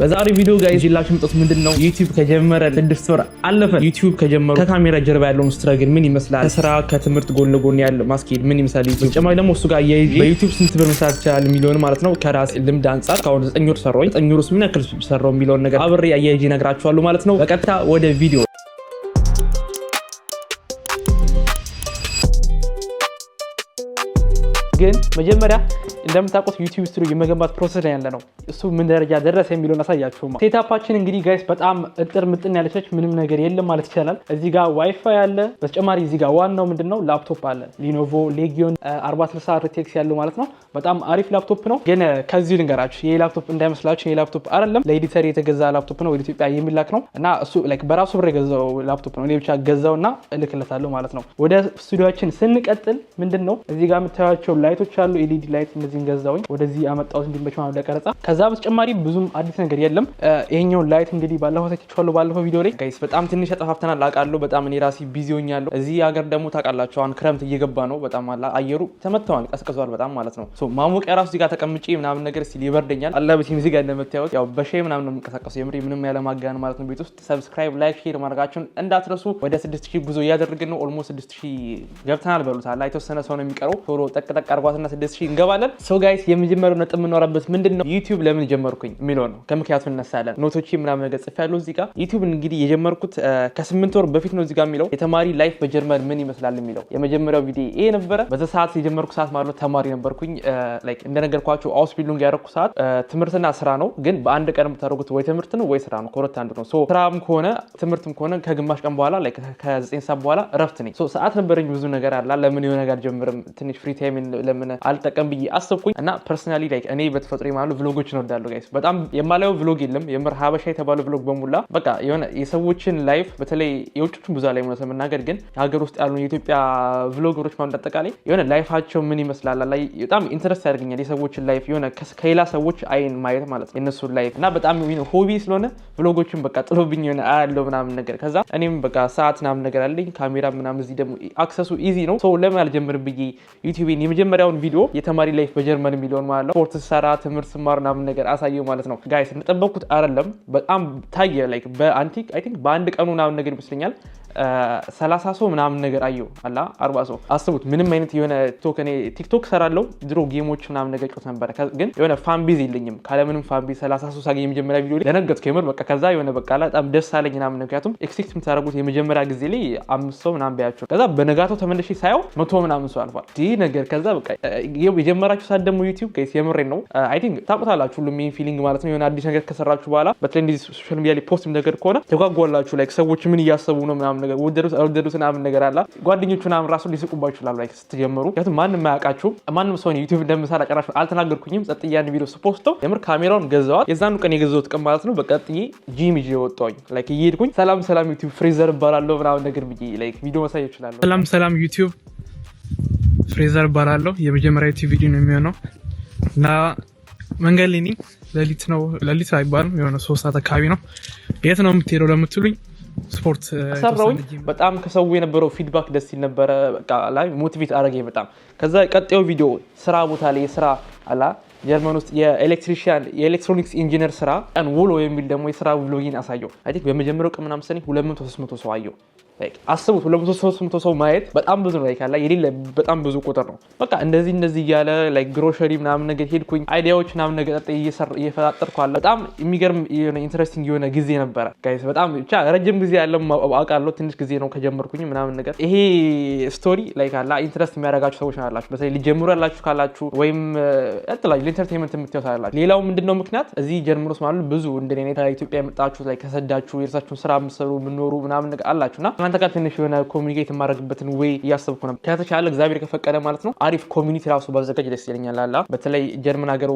በዛሬ ቪዲዮ ጋር ይዤላችሁ የመጣሁት ምንድን ነው ዩቲዩብ ከጀመረ ስድስት ወር አለፈ። ዩቲዩብ ከጀመሩ ከካሜራ ጀርባ ያለውን ስትራግል ምን ይመስላል፣ ከስራ ከትምህርት ጎን ለጎን ያለ ማስኬድ ምን ይመስላል። በተጨማሪ ደግሞ እሱ ጋር እያይዤ በዩቲዩብ ስንት ብር መስራት ይችላል የሚለውን ማለት ነው ከራስ ልምድ አንጻር ከአሁን ዘጠኝ ወር ሰራሁኝ፣ ዘጠኝ ወር ምን ያክል ሰራው የሚለውን ነገር አብሬ አያይዤ እነግራችኋለሁ ማለት ነው። በቀጥታ ወደ ቪዲዮ ግን መጀመሪያ እንደምታውቁት ዩቲዩብ ስቱዲዮ የመገንባት ፕሮሰስ ላይ ያለ ነው። እሱ ምን ደረጃ ደረሰ የሚለውን አሳያችሁማ። ሴታፓችን እንግዲህ ጋይስ በጣም እጥር ምጥን ያለች ምንም ነገር የለም ማለት ይቻላል። እዚህ ጋር ዋይፋይ አለ። በተጨማሪ እዚህ ጋር ዋናው ምንድን ነው ላፕቶፕ አለ። ሊኖቮ ሌጊዮን 4060 ርቴክስ ያለው ማለት ነው። በጣም አሪፍ ላፕቶፕ ነው። ግን ከዚህ ልንገራችሁ፣ ይህ ላፕቶፕ እንዳይመስላችሁ፣ ይህ ላፕቶፕ አይደለም። ለኤዲተር የተገዛ ላፕቶፕ ነው። ወደ ኢትዮጵያ የሚላክ ነው እና እሱ በራሱ ብር የገዛው ላፕቶፕ ነው። እኔ ብቻ ገዛውና እልክለታለሁ ማለት ነው። ወደ ስቱዲዮችን ስንቀጥል ምንድን ነው እዚህ ጋር የምታያቸው ላይቶች አሉ። ኤልኢዲ ላይት e እነዚህ እነዚህን ገዛውኝ ወደዚህ አመጣሁት እንዲመቸው ማለት ለቀረጻ። ከዛ በተጨማሪ ብዙም አዲስ ነገር የለም። ይሄኛው ላይት እንግዲህ ባለፈው ተችቻለሁ። ባለፈው ቪዲዮ ላይ ጋይስ በጣም ትንሽ ተጠፋፍተናል አውቃለሁ። በጣም እኔ ራሴ ቢዚ ሆኛለሁ። እዚህ ሀገር ደግሞ ታውቃላችሁ አሁን ክረምት እየገባ ነው። በጣም አየሩ ተመተዋል፣ ቀዝቅዟል በጣም ማለት ነው። ማሞቂያ ራሱ እዚህ ጋር ተቀምጬ ምናምን ነገር ሲል ይበርደኛል። አለበትም እዚህ ጋር እንደምታዩት ያው በሻይ ምናምን ነው የምንቀሳቀሰው። የምሬ ምንም ያለ ማጋነን ማለት ነው። ቤት ውስጥ ሰብስክራይብ፣ ላይክ፣ ሼር ማድረጋችሁን እንዳትረሱ። ወደ 6000 ጉዞ እያደረግን ነው። ኦልሞስት 6000 ገብተናል በሉታል። የተወሰነ ሰው ነው የሚቀረው። ቶሎ ጠቅጠቅ አርጓትና 6000 እንገባለን። ሶ ጋይስ የመጀመሪያው ነጥብ የምናወራበት ምንድን ነው ዩቲዩብ ለምን ጀመርኩኝ የሚለው ነው። ከምክንያቱ እነሳለን። ኖቶች ምናምን ነገር ጽፌያለሁ እዚህ ጋር። ዩቲዩብ እንግዲህ የጀመርኩት ከስምንት ወር በፊት ነው እዚህ ጋር የሚለው የተማሪ ላይፍ በጀርመን ምን ይመስላል የሚለው የመጀመሪያው ቪዲዮ ይሄ ነበረ። በዛ ሰዓት የጀመርኩ ሰዓት ማለት ተማሪ ነበርኩኝ። ላይክ እንደነገርኳቸው አውስቢልዱንግ ያደረኩ ሰዓት ትምህርትና ስራ ነው። ግን በአንድ ቀን የምታደርጉት ወይ ትምህርት ነው ወይ ስራ ነው። ከሁለት አንዱ ነው። ስራም ከሆነ ትምህርትም ከሆነ ከግማሽ ቀን በኋላ ከዘጠኝ ሰዓት በኋላ እረፍት ነኝ። ሰዓት ነበረኝ ብዙ ነገር አላ ለምን የሆነ ነገር ጀምርም ትንሽ ፍሪ ታይም ለምን አልጠቀም ብዬ አስብ አስታወቅኩኝ እና ፐርሰናሊ ላይክ እኔ በተፈጥሮ የማሉ ቭሎጎች እወዳለሁ ጋይስ። በጣም የማላየው ቭሎግ የለም የምር ሀበሻ የተባለ ቭሎግ በሙላ በቃ የሆነ የሰዎችን ላይፍ በተለይ የውጮቹን ብዙ ላይ ሆነ መናገር ግን ሀገር ውስጥ ያሉ የኢትዮጵያ ቭሎገሮች ማለት አጠቃላይ የሆነ ላይፋቸው ምን ይመስላል ላይ በጣም ኢንትረስት ያደርገኛል። የሰዎችን ላይፍ የሆነ ከሌላ ሰዎች አይን ማየት ማለት ነው የነሱን ላይፍ እና በጣም ሆቢ ስለሆነ ቭሎጎችን በቃ ጥሎብኝ የሆነ አያለው ምናምን ነገር ከዛ እኔም በቃ ሰዓት ምናምን ነገር አለኝ ካሜራ ምናምን እዚህ ደግሞ አክሰሱ ኢዚ ነው ሰው ለምን አልጀምርም ብዬ ዩቲዩብን የመጀመሪያውን ቪዲዮ የተማሪ ላይፍ በጀርመን የሚለውን ማለት ነው ስፖርት ሰራ ትምህርት ስማር ምናምን ነገር አሳየው ማለት ነው። ጋይስ እንደጠበኩት አይደለም፣ በጣም ታየ። ላይክ በአንቲክ አይ ቲንክ በአንድ ቀኑ ምናምን ነገር ይመስለኛል ሰላሳ ሰው ምናምን ነገር አየው አላ አርባ ሰው አስቡት። ምንም አይነት የሆነ ቲክቶክ እኔ ቲክቶክ ሰራለው ድሮ ጌሞች ምናምን ነገር ጮት ነበረ፣ ግን የሆነ ፋንቤዝ የለኝም። ካለምንም ፋንቤዝ ሰላሳ ሰው ሳገኝ የመጀመሪያ ቪዲዮ ለነገት ከምር በቃ። ከዛ የሆነ በቃ በጣም ደስ አለኝ ምናምን። ምክንያቱም ኤክስፔክት የምታደርጉት የመጀመሪያ ጊዜ ላይ አምስት ሰው ምናምን ቢያቸው ከዛ በነጋቶ ተመለሽ ሳየው መቶ ምናምን ሰው አልፏል። ይህ ነገር ከዛ በቃ የጀመራችሁ ሰዓት ደግሞ ዩቲዩብ ጋይስ የምሬን ነው። አይ ቲንክ ታውቁታላችሁ ሁሉም ይህን ፊሊንግ ማለት ነው። የሆነ አዲስ ነገር ከሰራችሁ በኋላ በተለይ እንዲህ ሶሻል ሚዲያ ላይ ፖስት ነገር ከሆነ ተጓጓላችሁ። ላይክ ሰዎች ምን እያሰቡ ነው ምናምን ነገር ወደዱት አልወደዱት ምናምን ነገር አላ ጓደኞቹ ምናምን ራሱ ሊስቁባችሁ ይችላሉ ላይክ ስትጀምሩ። ያቱም ማንም አያውቃችሁም። ማንም ሰው ዩቲዩብ እንደምሰራ ጭራሽ አልተናገርኩኝም። ጸጥዬ ያን ቪዲዮ ስፖስተው የምር ካሜራውን ገዛዋል። የዛኑ ቀን የገዛሁት ቀን ማለት ነው። በቀጥዬ ጂም ይዤ ወጣሁኝ። ላይክ እየሄድኩኝ ሰላም ሰላም ዩቲዩብ ፍሬዘር እባላለሁ ምናምን ነገር ብዬ ላይክ ቪዲዮ መሳየት ይችላለሁ። ሰላም ሰላም ዩቲዩብ ፍሬዘር እባላለሁ። የመጀመሪያ ዩቲዩብ ቪዲዮ ነው የሚሆነው እና መንገድ ሊኒ ለሊት ነው፣ ለሊት አይባልም የሆነ ሶስት ሰዓት አካባቢ ነው። የት ነው የምትሄደው ለምትሉኝ ስፖርት ሰራውኝ። በጣም ከሰው የነበረው ፊድባክ ደስ ሲል ነበረ። ላይ ሞቲቬት አደረገኝ በጣም። ከዛ ቀጤው ቪዲዮ ስራ ቦታ ላይ የስራ አላ ጀርመን ውስጥ የኤሌክትሪሽያን የኤሌክትሮኒክስ ኢንጂነር ስራ ቀን ውሎ የሚል ደግሞ የስራ ብሎጊን አሳየው። አይ ቲንክ በመጀመሪያው ቀን ምናምን ሰኔ ሁለት መቶ ሶስት መቶ ሰው አየው። አስቡት 2300 ሰው ማየት በጣም ብዙ ላይ ካላ የሌለ በጣም ብዙ ቁጥር ነው። በቃ እንደዚህ እንደዚህ እያለ ላይ ግሮሸሪ ምናምን ነገር ሄድኩኝ፣ አይዲያዎች ምናምን ነገር እየፈጣጠርኩ አለ። በጣም የሚገርም የሆነ ኢንትረስቲንግ የሆነ ጊዜ ነበረ በጣም ብቻ ረጅም ጊዜ ያለ አውቃለሁ፣ ትንሽ ጊዜ ነው ከጀመርኩኝ ምናምን ነገር። ይሄ ስቶሪ ላይ ካላ ኢንትረስት የሚያደርጋችሁ ሰዎች አላችሁ፣ በተለይ ልጀምሩ ያላችሁ ካላችሁ ወይም ጥላ ኢንተርቴንመንት የምትወት አላችሁ። ሌላው ምንድነው ምክንያት እዚህ ጀምሮስ ማሉ ብዙ እንደኔ ኢትዮጵያ የመጣችሁ ላይ ከሰዳችሁ የራሳችሁን ስራ የምትሰሩ የምኖሩ ምናምን ነገር አላችሁና ከእናንተ ጋር ትንሽ የሆነ ኮሚኒኬት የማድረግበትን ወይ እያሰብኩ ነበር። ከተቻለ እግዚአብሔር ከፈቀደ ማለት ነው አሪፍ ኮሚኒቲ ራሱ ባዘጋጅ ደስ ይለኛል። አላ በተለይ ጀርመን ሀገር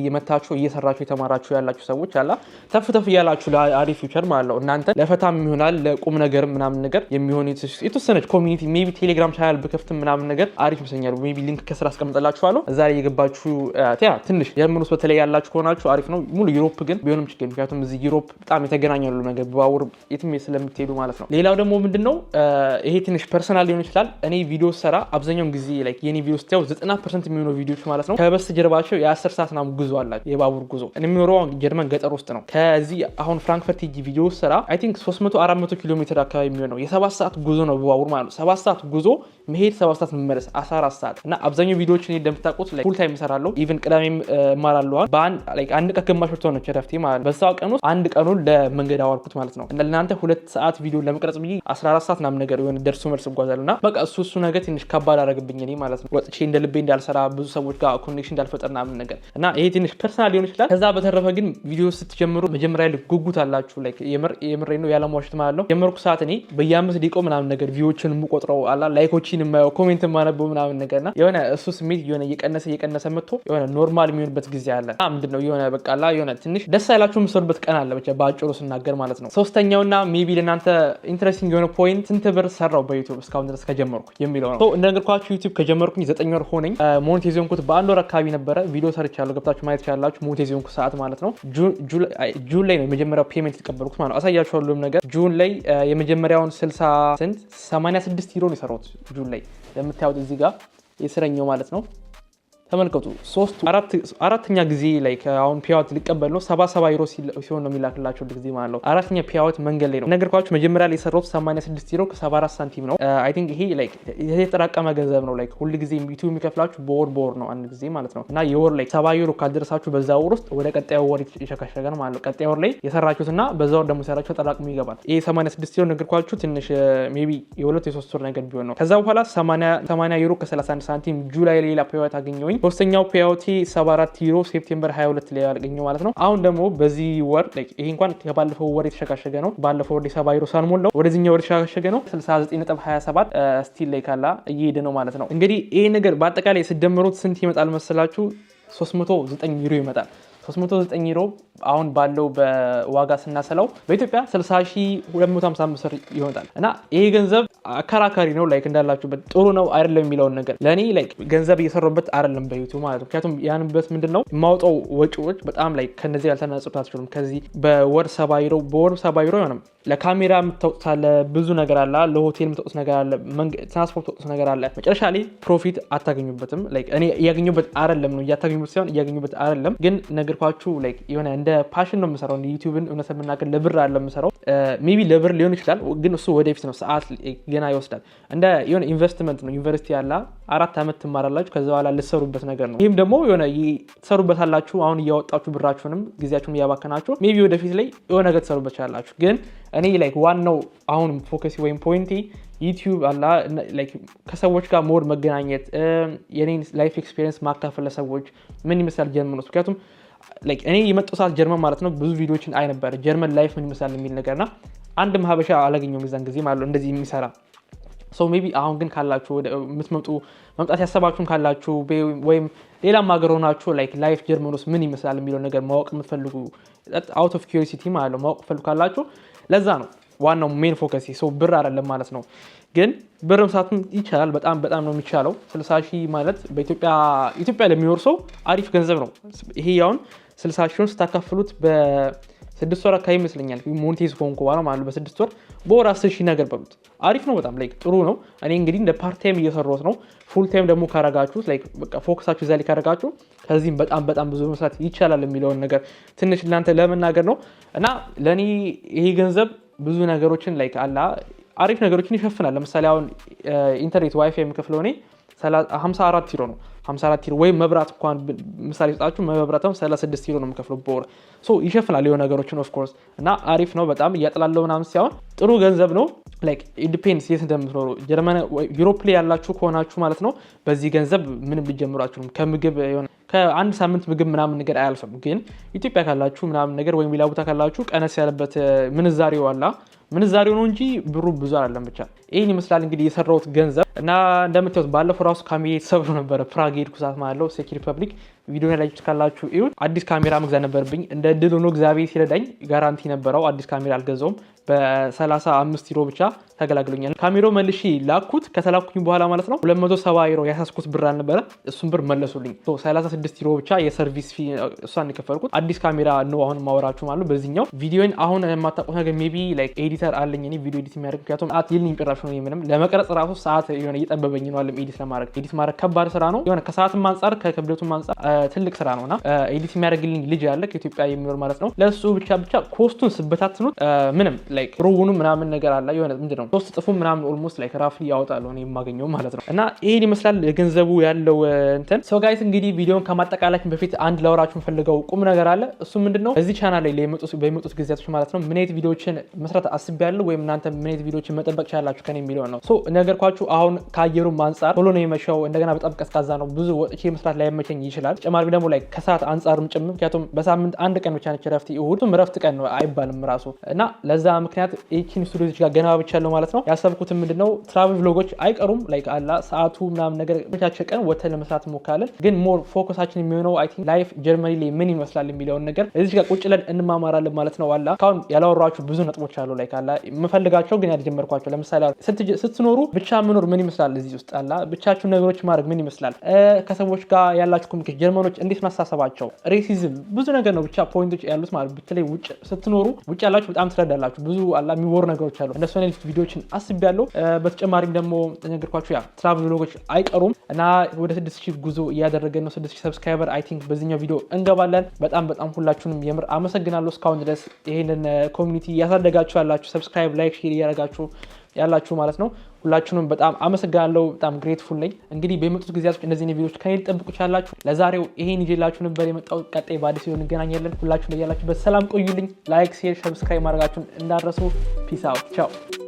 እየመታችሁ እየሰራችሁ የተማራችሁ ያላችሁ ሰዎች አላ ተፍ ተፍ እያላችሁ ለአሪፍ ፊውቸር ማለት ነው እናንተ ለፈታም የሚሆናል ለቁም ነገር ምናምን ነገር የሚሆን የተወሰነች ኮሚኒቲ ሜይ ቢ ቴሌግራም ቻናል ብከፍትም ምናምን ነገር አሪፍ ይመስለኛል። ሜይ ቢ ሊንክ ከስር አስቀምጠላችኋለሁ እዛ ላይ የገባችሁ ያ ትንሽ ጀርመን ውስጥ በተለይ ያላችሁ ከሆናችሁ አሪፍ ነው። ሙሉ ዩሮፕ ግን ቢሆንም ችግር ምክንያቱም እዚህ ዩሮፕ በጣም የተገናኛሉ ነገር በባቡር የትም ስለምትሄዱ ማለት ነው። ሌላው ደግሞ ምንድን ነው ይሄ ትንሽ ፐርሰናል ሊሆን ይችላል። እኔ ቪዲዮ ሰራ አብዛኛውን ጊዜ ላይ የኔ ቪዲዮ ስታየው ዘጠና ፐርሰንት የሚሆነው ቪዲዮች ማለት ነው ከበስተጀርባቸው የአስር ሰዓት ናም ጉዞ አላቸው የባቡር ጉዞ። የሚኖረው ጀርመን ገጠር ውስጥ ነው። ከዚህ አሁን ፍራንክፈርት ጂ ቪዲዮ ስራ አይ ቲንክ 300 400 ኪሎ ሜትር አካባቢ የሚሆነው የሰባት ሰዓት ጉዞ ነው በባቡር ማለት ነው። ሰባት ሰዓት ጉዞ መሄድ፣ ሰባት ሰዓት መመለስ፣ 14 ሰዓት እና አብዛኛው ቪዲዮዎች እኔ እንደምታውቁት ላይ ፉል ታይም እሰራለሁ። ኢቨን ቅዳሜ እማራለዋል አንድ ቀን ግማሽ ወር ትሆነች ረፍቴ ማለት ነው። በዛው ቀን ውስጥ አንድ ቀኑን ለመንገድ አዋልኩት ማለት ነው እና ለእናንተ ሁለት ሰዓት ቪዲዮ ለመቅረጽ ብዬ 14 ሰዓት ምናምን ነገር የሆነ ደርሶ መልስ እጓዛለሁ እና በቃ እሱ እሱ ነገር ትንሽ ከባድ አደረግብኝ እኔ ማለት ነው። ወጥቼ እንደ ልቤ እንዳልሰራ ብዙ ሰዎች ጋር ኮኔክሽን እንዳልፈጠር ምናምን ነገር እና ይሄ ትንሽ ፐርሰናል ሊሆን ይችላል። ከዛ በተረፈ ግን ቪዲዮ ስትጀምሩ መጀመሪያ ላይ ጉጉት አላችሁ። የምሬ ነው ያለማዋሸት ማለት ነው። ጀመርኩ ሰዓት እኔ በየአምስት ደቂቃ ምናምን ነገር ቪዎችን የምቆጥረው አላ ላይኮችን የማየው ኮሜንት የማነበው ምናምን ነገር እና የሆነ እሱ ስሜት የሆነ እየቀነሰ እየቀነሰ መጥቶ የሆነ ኖርማል የሚሆንበት ጊዜ አለ። ምንድን ነው የሆነ በቃ ላ የሆነ ትንሽ ደስ አይላችሁ የምትሰሩበት ቀን አለ። በአጭሩ ስናገር ማለት ነው። ሶስተኛውና ሜቢ ቢ ለእናንተ ኢንትረስቲንግ የሆነ ሚሊዮን ፖይንት ስንት ብር ሰራው በዩቱብ እስካሁን ድረስ ከጀመርኩ የሚለው ነው። እንደነገርኳችሁ ዩቱብ ከጀመርኩኝ ዘጠኝ ወር ሆነኝ። ሞኔታይዝ የሆንኩት በአንድ ወር አካባቢ ነበረ። ቪዲዮ ሰርቻለሁ፣ ገብታችሁ ማየት ቻላችሁ። ሞኔታይዝ የሆንኩት ሰዓት ማለት ነው። ጁን ላይ ነው የመጀመሪያው ፔመንት የተቀበልኩት ማለት ነው። አሳያችኋለሁ ነገር ጁን ላይ የመጀመሪያውን 60 ስንት 86 ዩሮ ነው የሰራሁት ጁን ላይ ለምታዩት እዚህ ጋር የስረኛው ማለት ነው ተመልከቱ ሶስቱ አራተኛ ጊዜ ላይ አሁን ፒያወት ሊቀበል ነው። ሰባ ሰባ ዩሮ ሲሆን ነው የሚላክላቸው ጊዜ ማለት ነው። አራተኛ ፒያወት መንገድ ላይ ነው ነገርኳችሁ። መጀመሪያ ላይ የሰራሁት 86 ዩሮ ከ74 ሳንቲም ነው። አይ ቲንክ ይሄ የተጠራቀመ ገንዘብ ነው። ሁሉ ጊዜ ዩቲዩብ የሚከፍላችሁ በወር በወር ነው አንድ ጊዜ ማለት ነው። እና የወር ላይ ሰባ ዩሮ ካልደረሳችሁ በዛ ወር ውስጥ ወደ ቀጣዩ ወር ነው ማለት ነው። ቀጣዩ ወር ላይ የሰራችሁት እና በዛ ወር ደግሞ የሰራችሁ ተጠራቅሙ ይገባል። ይሄ 86 ዩሮ ነገርኳችሁ ትንሽ ሜይ ቢ የሁለት የሶስት ወር ነገር ቢሆን ነው። ከዛ በኋላ 80 ዩሮ ከ31 ሳንቲም ጁላይ ሌላ ፒያወት አገኘሁኝ። ሶስተኛው ፔያውቲ 74 ዩሮ ሴፕቴምበር 22 ላይ ያገኘው ማለት ነው። አሁን ደግሞ በዚህ ወር ይሄ እንኳን ከባለፈው ወር የተሸጋሸገ ነው። ባለፈው ወር የሰባ ዩሮ ሳልሞላው ወደዚኛው ወር የተሸጋሸገ ነው። 69.27 ስቲል ላይ ካላ እየሄደ ነው ማለት ነው። እንግዲህ ይሄ ነገር በአጠቃላይ ስደምሩት ስንት ይመጣል መሰላችሁ? 309 ዩሮ ይመጣል። 309 ዩሮ አሁን ባለው በዋጋ ስናሰላው በኢትዮጵያ 60255 ብር ይሆናል እና ይሄ ገንዘብ አከራካሪ ነው። ላይክ እንዳላችሁበት ጥሩ ነው አይደለም የሚለውን ነገር ለእኔ ላይክ ገንዘብ እየሰሩበት አይደለም በዩቱ ማለት ነው። ምክንያቱም ያንበት ምንድን ነው የማውጣው ወጪዎች በጣም ላይ ከነዚህ ያልተናጽታችሁም ከዚህ በወር ሰባ ዩሮ በወር ሰባ ዩሮ አይሆንም ለካሜራ የምታወጡት አለ፣ ብዙ ነገር አለ፣ ለሆቴል የምታወጡት ነገር አለ፣ ትራንስፖርት የምታወጡት ነገር አለ። መጨረሻ ላይ ፕሮፊት አታገኙበትም። እኔ እያገኙበት አይደለም ነው እያታገኙበት ሲሆን እያገኙበት አይደለም። ግን ነገርኳችሁ፣ የሆነ እንደ ፓሽን ነው የምሰራው። ዩቲዩብን እውነት የምናገር ለብር አለ የምሰራው። ሜቢ ለብር ሊሆን ይችላል፣ ግን እሱ ወደፊት ነው፣ ሰዓት ገና ይወስዳል። እንደ የሆነ ኢንቨስትመንት ነው ዩኒቨርሲቲ ያላ አራት ዓመት ትማራላችሁ። ከዛ በኋላ ልትሰሩበት ነገር ነው። ይህም ደግሞ የሆነ ትሰሩበት አላችሁ። አሁን እያወጣችሁ ብራችሁንም ጊዜያችሁን እያባከናችሁ ሜቢ ወደፊት ላይ የሆነ ነገር ትሰሩበት ቻላችሁ። ግን እኔ ላይክ ዋናው አሁን ፎከስ ወይም ፖይንቲ ዩቲዩብ አላ ላይክ ከሰዎች ጋር ሞር መገናኘት የኔን ላይፍ ኤክስፔሪንስ ማካፈል ለሰዎች ምን ይመስላል ጀርመን ውስጥ ምክንያቱም እኔ የመጣሁ ሰዓት ጀርመን ማለት ነው ብዙ ቪዲዮዎችን አይ ነበረ ጀርመን ላይፍ ምን ይመስላል የሚል ነገርና አንድ ማህበሻ ሀበሻ አላገኘሁም የዛን ጊዜ ማለት ነው እንደዚህ የሚሰራ ሰው ቢ አሁን ግን ካላችሁ የምትመጡ መምጣት ያሰባችሁም ካላችሁ ወይም ሌላም ሀገር ሆናችሁ ላይክ ላይፍ ጀርመን ውስጥ ምን ይመስላል የሚለው ነገር ማወቅ የምትፈልጉ አውት ኦፍ ኪሪሲቲ ማለት ነው ማወቅ ፈልጉ ካላችሁ ለዛ ነው ዋናው ሜን ፎከስ ሰው ብር አይደለም ማለት ነው። ግን ብር መስራትም ይቻላል። በጣም በጣም ነው የሚቻለው። ስልሳ ማለት በኢትዮጵያ ለሚኖር ሰው አሪፍ ገንዘብ ነው። ይሄ ያውን ስልሳ ሺውን ስታካፍሉት ስድስት ወር አካባቢ ይመስለኛል ሞኔቴዝ ከሆንኩ በኋላ ማለት በስድስት ወር በወር አስር ሺህ ነገር በሉት አሪፍ ነው። በጣም ላይክ ጥሩ ነው። እኔ እንግዲህ እንደ ፓርት ታይም እየሰራሁት ነው። ፉል ታይም ደግሞ ካረጋችሁት ላይክ በቃ ፎከሳችሁ እዛ ላይ ካረጋችሁ ከዚህም በጣም በጣም ብዙ መስራት ይቻላል የሚለውን ነገር ትንሽ እናንተ ለመናገር ነው እና ለእኔ ይሄ ገንዘብ ብዙ ነገሮችን ላይክ አላ አሪፍ ነገሮችን ይሸፍናል። ለምሳሌ አሁን ኢንተርኔት ዋይፋይ የሚከፍለው እኔ 54 ዩሮ ነው። 54 ኪሎ ወይም መብራት እንኳን ምሳሌ ሰጣችሁ መብራት 36 ኪሎ ነው የምከፍለው በወር ይሸፍናል የሆነ ነገሮችን ኦፍኮርስ እና አሪፍ ነው በጣም እያጥላለው ምናምን ሳይሆን ጥሩ ገንዘብ ነው ዲፔንድስ የት እንደምትኖሩ ጀርመን ዩሮፕ ላይ ያላችሁ ከሆናችሁ ማለት ነው በዚህ ገንዘብ ምንም ልጀምሩ ከምግብ ሆነ ከአንድ ሳምንት ምግብ ምናምን ነገር አያልፍም። ግን ኢትዮጵያ ካላችሁ ምናምን ነገር ወይም ሌላ ቦታ ካላችሁ ቀነስ ያለበት ምንዛሬው አላ ምንዛሬው ነው እንጂ ብሩ ብዙ አላለም ብቻ ይህን ይመስላል እንግዲህ የሰራውት ገንዘብ እና እንደምታዩት ባለፈው ራሱ ካሜራ የተሰብሮ ነበረ ፕራግ ሄድኩ ሰዓት ማለት ነው። ሪፐብሊክ ቪዲዮ ላይ ካላችሁ ይሁን። አዲስ ካሜራ መግዛት ነበርብኝ። እንደ ድል ሆኖ እግዚአብሔር ሲረዳኝ ጋራንቲ ነበረው። አዲስ ካሜራ አልገዛውም። በ35 ዩሮ ብቻ ተገላግሎኛል። ካሜራው መልሼ ላኩት። ከተላኩኝ በኋላ ማለት ነው 270 ዩሮ ያሳስኩት ብር አልነበረ፣ እሱም ብር መለሱልኝ። 36 ዩሮ ብቻ የሰርቪስ ፊ እሷን የከፈልኩት። አዲስ ካሜራ ነው አሁን ማወራችሁ ማለት በዚህኛው ቪዲዮን አሁን የማታውቁት ነገር ሜይ ቢ ኤዲተር አለኝ እኔ ቪዲዮ ኤዲት የሚያደርግ ምክንያቱም ሰዓት ይልኝ ጭራሽ ነው ምንም ለመቀረጽ ራሱ ሰዓት የሆነ እየጠበበኝ ነው አለም ኤዲት ለማድረግ ኤዲት ማድረግ ከባድ ስራ ነው። የሆነ ከሰዓትም አንጻር ከክብደቱም አንጻር ትልቅ ስራ ነው እና ኤዲት የሚያደርግልኝ ልጅ ያለ ከኢትዮጵያ የሚኖር ማለት ነው። ለሱ ብቻ ብቻ ኮስቱን ስበታትኑት ምንም ላይክ ሮቡኑ ምናምን ነገር አለ የሆነ ምንድን ነው ሶስት ጥፉ ምናምን ኦልሞስት ላይክ ራፍ ያወጣል ሆነ የማገኘው ማለት ነው። እና ይህን ይመስላል ገንዘቡ ያለው እንትን ሰው ጋይስ። እንግዲህ ቪዲዮን ከማጠቃላችን በፊት አንድ ለወራችሁ ፈልገው ቁም ነገር አለ። እሱ ምንድን ነው እዚህ ቻናል ላይ በሚመጡት ጊዜያቶች ማለት ነው ምን አይነት ቪዲዮዎችን መስራት አስቤያለሁ ወይም እናንተ ምን አይነት ቪዲዮዎችን መጠበቅ ቻላችሁ ከኔ የሚለው ነው ነገርኳችሁ አሁን አሁን ከአየሩም አንጻር ቶሎ ነው የመሸው። እንደገና በጣም ቀዝቃዛ ነው። ብዙ ወጥቼ መስራት ላይመቸኝ ይችላል። ተጨማሪ ደግሞ ላይ ከሰዓት አንጻርም ጭም ምክንያቱም በሳምንት አንድ ቀን ብቻ ነች ረፍት፣ እሁድም ረፍት ቀን ነው አይባልም ራሱ እና ለዛ ምክንያት ይችን ስቱዲዮች ጋር ገና ብቻለሁ ማለት ነው። ያሰብኩትም ምንድነው ትራቭል ቭሎጎች አይቀሩም ላይ አላ ሰዓቱ ምናምን ነገር መቻቸ ቀን ወተን ለመስራት እንሞክራለን። ግን ሞር ፎከሳችን የሚሆነው አይ ቲንክ ላይፍ ጀርመኒ ላይ ምን ይመስላል የሚለውን ነገር እዚህ ጋር ቁጭ ለን እንማማራለን ማለት ነው። አላ ካሁን ያላወራችሁ ብዙ ነጥቦች አሉ ላይ አላ የምፈልጋቸው ግን ያልጀመርኳቸው ለምሳሌ ስትኖሩ ብቻ ምኖር ምን ይመስላል እዚህ ውስጥ አላ ብቻችሁ ነገሮች ማድረግ ምን ይመስላል፣ ከሰዎች ጋር ያላችሁ ኮሚኒኬሽን፣ ጀርመኖች እንዴት ማሳሰባቸው፣ ሬሲዝም ብዙ ነገር ነው ብቻ ፖይንቶች ያሉት ማለት በተለይ ውጭ ስትኖሩ ውጭ ያላችሁ በጣም ትረዳላችሁ። ብዙ አላ የሚወሩ ነገሮች አሉ። እንደሱ ቪዲዮችን ቪዲዮዎችን ያለው በተጨማሪም ደግሞ ተነገርኳችሁ ያ ትራቭል ብሎጎች አይቀሩም እና ወደ ስድስት ሺህ ጉዞ እያደረገ ነው። ስድስት ሺህ ሰብስክራይበር አይ ቲንክ በዚህኛው ቪዲዮ እንገባለን። በጣም በጣም ሁላችሁንም የምር አመሰግናለሁ። እስካሁን ድረስ ይህንን ኮሚኒቲ እያሳደጋችሁ ያላችሁ ሰብስክራይብ፣ ላይክ፣ ሼር እያደረጋችሁ ያላችሁ ማለት ነው። ሁላችሁንም በጣም አመሰግናለሁ። በጣም ግሬትፉል ነኝ። እንግዲህ በመጡት ጊዜያቶች እነዚህን ቪዲዮች ከኔ ልጠብቁ ቻላችሁ። ለዛሬው ይሄን ይዤላችሁ ነበር የመጣሁት። ቀጣይ በአዲስ ቪዲዮ እንገናኛለን። ሁላችሁ ላይ ያላችሁበት ሰላም ቆዩልኝ። ላይክ፣ ሼር፣ ሰብስክራይብ ማድረጋችሁን እንዳትረሱ። ፒስ አውት ቻው።